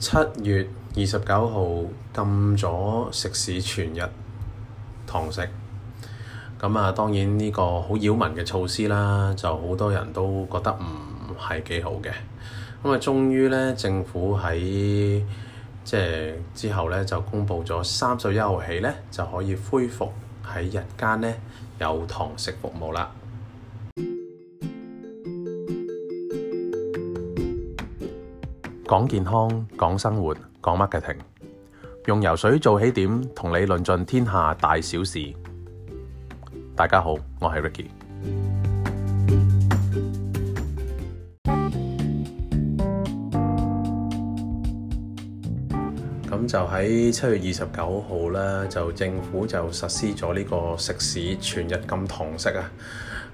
七月二十九號禁咗食肆全日堂食，咁啊當然呢個好擾民嘅措施啦，就好多人都覺得唔係幾好嘅。咁啊，終於呢政府喺即係之後呢就公布咗三十一號起呢，就可以恢復喺日間呢有堂食服務啦。講健康，講生活，講 marketing，用游水做起點，同你論盡天下大小事。大家好，我係 Ricky。咁就喺七月二十九號咧，就政府就實施咗呢個食肆全日禁堂食啊。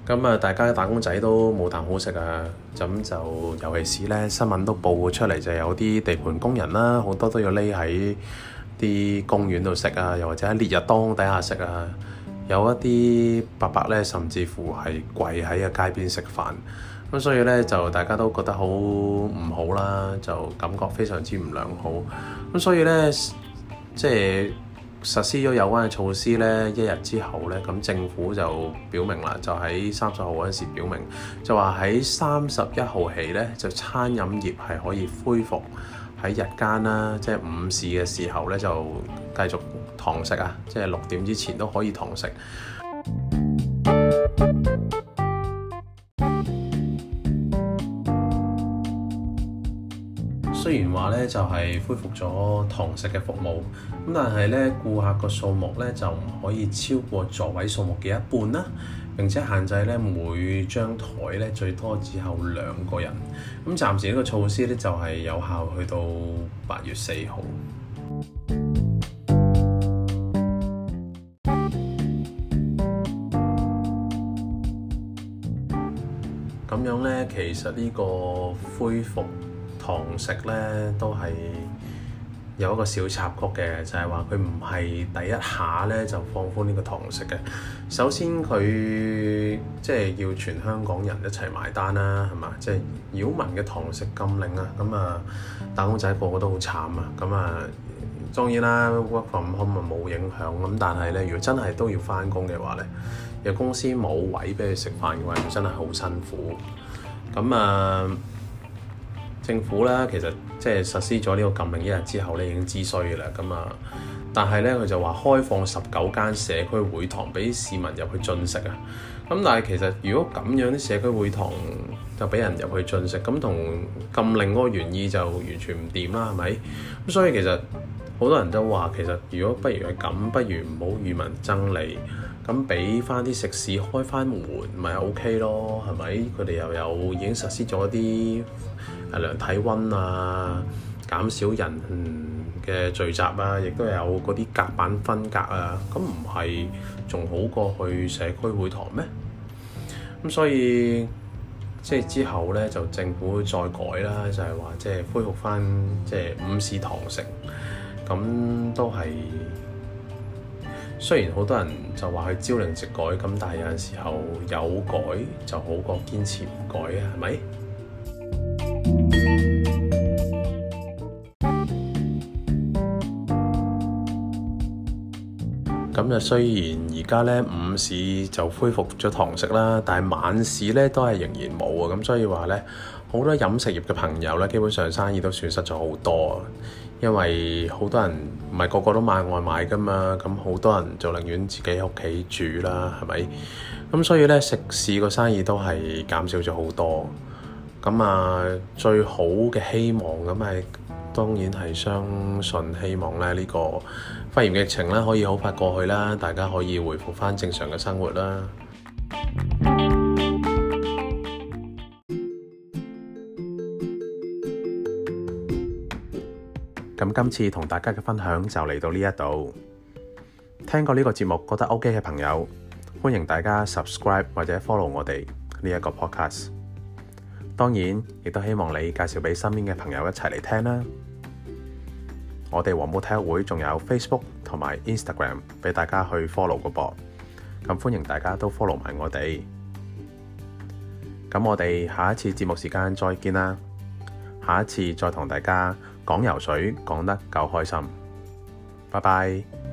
咁啊，大家打工仔都冇啖好食啊，咁就尤其是咧，新聞都報出嚟就有啲地盤工人啦，好多都要匿喺啲公園度食啊，又或者喺烈日當空底下食啊，有一啲伯伯咧，甚至乎係跪喺個街邊食飯，咁所以咧就大家都覺得好唔好啦，就感覺非常之唔良好，咁所以咧即係。實施咗有關嘅措施呢，一日之後呢，咁政府就表明啦，就喺三十號嗰陣時表明，就話喺三十一號起呢，就餐飲業係可以恢復喺日間啦，即係午市嘅時候呢，就繼續堂食啊，即係六點之前都可以堂食。雖然話咧就係恢復咗堂食嘅服務，咁但係咧顧客個數目咧就唔可以超過座位數目嘅一半啦，並且限制咧每張枱咧最多只限兩個人。咁暫時呢個措施咧就係有效去到八月四號。咁樣咧，其實呢個恢復。堂食咧都係有一個小插曲嘅，就係話佢唔係第一下咧就放寬呢個堂食嘅。首先佢即係要全香港人一齊埋單啦，啊，係嘛？即係擾民嘅堂食禁令啦。咁啊，打、嗯、工仔個個都好慘啊。咁、嗯、啊，當然啦，work from home 冇影響。咁、嗯、但係咧，如果真係都要翻工嘅話咧，有公司冇位俾佢食飯嘅話，真係好辛苦。咁、嗯、啊～、嗯政府咧，其實即係實施咗呢個禁令一日之後咧，已經知衰嘅啦。咁啊，但係咧，佢就話開放十九間社區會堂俾市民入去進食啊。咁但係其實如果咁樣啲社區會堂就俾人入去進食，咁同禁令嗰個原意就完全唔掂啦，係咪？咁所以其實好多人都話其實，如果不如係咁，不如唔好與民爭利，咁俾翻啲食肆開翻門咪 OK 咯，係咪？佢哋又有已經實施咗啲。量體温啊，減少人嘅聚集啊，亦都有嗰啲隔板分隔啊，咁唔係仲好過去社區會堂咩？咁所以即係之後咧，就政府再改啦，就係、是、話即係恢復翻即係午市堂食，咁都係雖然好多人就話去朝令夕改，咁但係有陣時候有改就好過堅持唔改啊，係咪？咁就、嗯、雖然而家咧午市就恢復咗堂食啦，但係晚市咧都係仍然冇啊。咁、嗯、所以話咧，好多飲食業嘅朋友咧，基本上生意都損失咗好多，啊，因為好多人唔係個個都買外賣㗎嘛。咁、嗯、好多人就寧願自己喺屋企煮啦，係咪？咁、嗯、所以咧食肆個生意都係減少咗好多。咁、嗯、啊，最好嘅希望咁、就、係、是。當然係，相信希望咧呢個肺炎疫情咧可以好快過去啦，大家可以回復返正常嘅生活啦。咁今次同大家嘅分享就嚟到呢一度。聽過呢個節目覺得 OK 嘅朋友，歡迎大家 subscribe 或者 follow 我哋呢一個 podcast。當然亦都希望你介紹俾身邊嘅朋友一齊嚟聽啦。我哋黃埔體育會仲有 Facebook 同埋 Instagram 俾大家去 follow 個噃，咁歡迎大家都 follow 埋我哋。咁我哋下一次節目時間再見啦，下一次再同大家講游水講得夠開心，拜拜。